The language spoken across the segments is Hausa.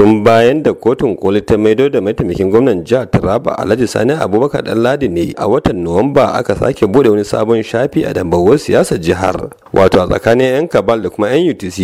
tun bayan da kotun koli ta maido da mataimakin gwamnan jihar taraba alhaji sani abubakar dan ladi ne a watan nuwamba aka sake bude wani sabon shafi a dambawar siyasar jihar wato a tsakanin yan kabal da kuma yan utc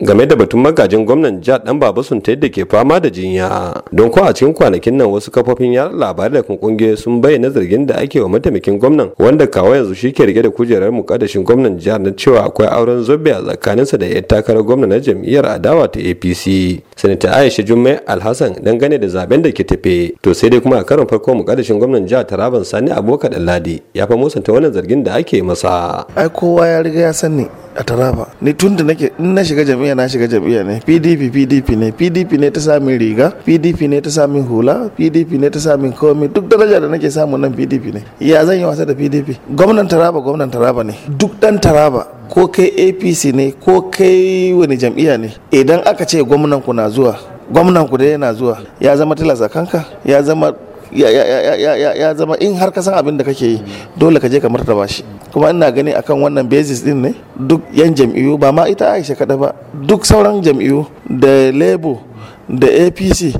game da batun magajin gwamnan jihar dan babasun ta yadda ke fama da jinya don ko a cikin kwanakin nan wasu kafofin yaɗa labarai da kungiyoyi sun bayyana zargin da ake wa mataimakin gwamnan wanda kawo yanzu shi ke rike da kujerar mukaddashin gwamnan jihar na cewa akwai auren zobe a tsakaninsa da 'yan takarar gwamna na jam'iyyar adawa ta apc sanata aisha jummai alhassan dangane da zaben da ke tafe to sai dai kuma a karon farko kadashin gwamnan jihar taraban sani abokan ladi ya fa musanta wannan zargin da ake masa ai kowa ya riga ya sani a taraba ni tun da nake in na shiga jam'iyya na shiga jam'iyya ne pdp pdp ne pdp ne ta sami riga pdp ne ta sami hula pdp ne ta sami komi duk daraja da nake samu nan pdp ne ya zan yi wasa da pdp gwamnan taraba gwamnan taraba ne duk dan taraba ko kai apc ne ko kai wani jam'iyya ne idan aka ce gwamnan ku na zuwa gwamnan ku da yana zuwa ya zama tilasa kanka ya zama ya zama in har ka san abin da kake yi dole ka je ka martaba shi kuma ina gani akan wannan basis din ne duk yan jam'iyyu ba ma ita Aisha kada ba duk sauran jam'iyyu da Labour da APC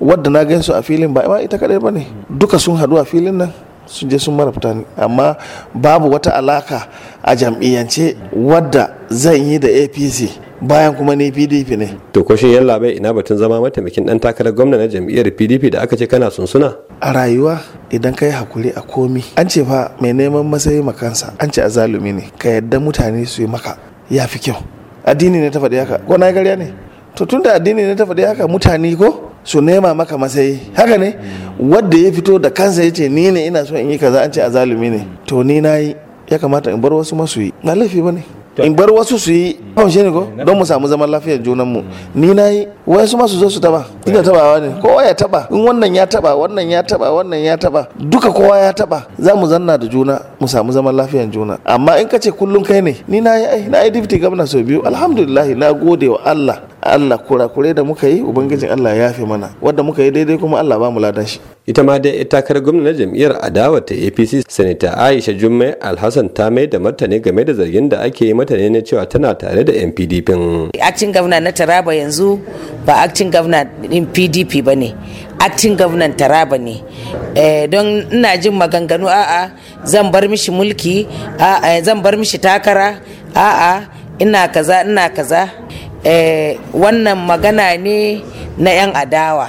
wadda na gan su a filin ba ma ita kadai ba ne duka sun haɗu a filin nan sun je sun marabta ni amma babu wata alaka a jam'iyyance wadda zan yi da apc bayan kuma ni pdp ne to ko shi yalla bai ina batun zama mataimakin dan takarar gwamna na jam'iyyar pdp da aka ce kana sunsuna a rayuwa idan ka hakuri a komi an ce fa mai neman masayi makansa an ce azalumi ne ka yadda mutane su yi maka ya fi kyau addini ne ta faɗi haka ko na gariya ne to tunda addini ne ta faɗi haka mutane ko su nema maka masayi haka ne wadda ya fito da kansa ya ce ni ne ina so in yi kaza an ce azalumi ne to ni na yi ya kamata in bar wasu masu yi na laifi ba ne in bar wasu su yi mm. shi ne ko mm, don mu samu zaman lafiyar junan mu mm. ni na yi wai su masu zo su taba ina tabawa ne kowa ya taba in wannan ya taba wannan ya taba wannan ya taba duka kowa ya taba za mu zanna da juna mu samu zaman lafiyar juna amma in ka ce kullum kai ne ni na yi na yi dibti gwamna sau biyu alhamdulillah na gode wa Allah Allah kurakure da muka yi ubangijin Allah ya fi mana wanda muka yi daidai kuma Allah ba mu ladan shi ita ma dai takarar gwamna na jam'iyyar adawa ta APC sanita Aisha Jummai Alhassan ta mai da martani game da zargin da ake yi mata ne na cewa tana tare da yan acting governor na Taraba yanzu ba acting governor din PDP bane acting governor taraba ne eh, don ina jin maganganu a'a zan bar mishi mulki a'a zan bar mishi takara a'a ina kaza ina kaza eh, wannan magana ne na 'yan adawa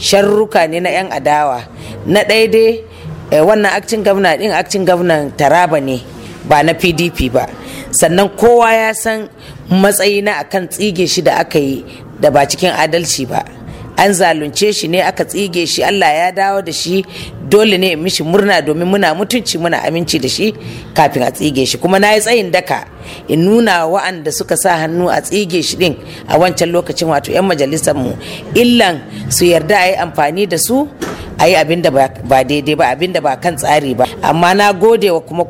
sharruka ne na 'yan adawa na daidai eh, wannan aktin gwamna din aktin gwamnan taraba ne ba na pdp ba sannan kowa ya san matsayina akan tsige shi da aka yi da ba cikin adalci ba an zalunce shi ne aka tsige shi allah ya dawo da shi dole ne mishi murna domin muna mutunci muna aminci da shi kafin a tsige shi kuma na yi tsayin daka in nuna wa'anda suka sa hannu a tsige shi din a wancan lokacin wato 'yan majalisar mu illan su yarda a yi amfani da su a yi abin da ba daidai ba abin da ba kan tsari ba amma na gode wa kuma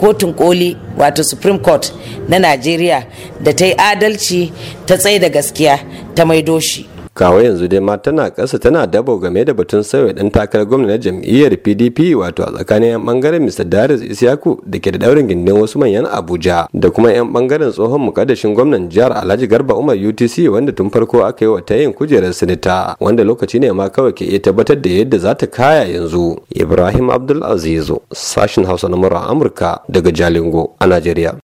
kotun koli wato supreme court na najeriya da ta yi adalci ta tsaye da gaskiya ta maido shi kawo yanzu dai ma tana ƙasa tana dabo game da batun sauya ɗan takarar gwamna na jam'iyyar pdp wato a tsakanin 'yan ɓangaren mr daris isyaku da ke da ɗaurin gindin wasu manyan abuja da kuma 'yan ɓangaren tsohon mukaddashin gwamnan jihar alhaji garba umar utc wanda tun farko aka yi wa tayin yin kujerar sinita wanda lokaci ne ma kawai ke iya tabbatar da yadda za ta kaya yanzu ibrahim abdul azizu sashin hausa na amurka daga jalingo a najeriya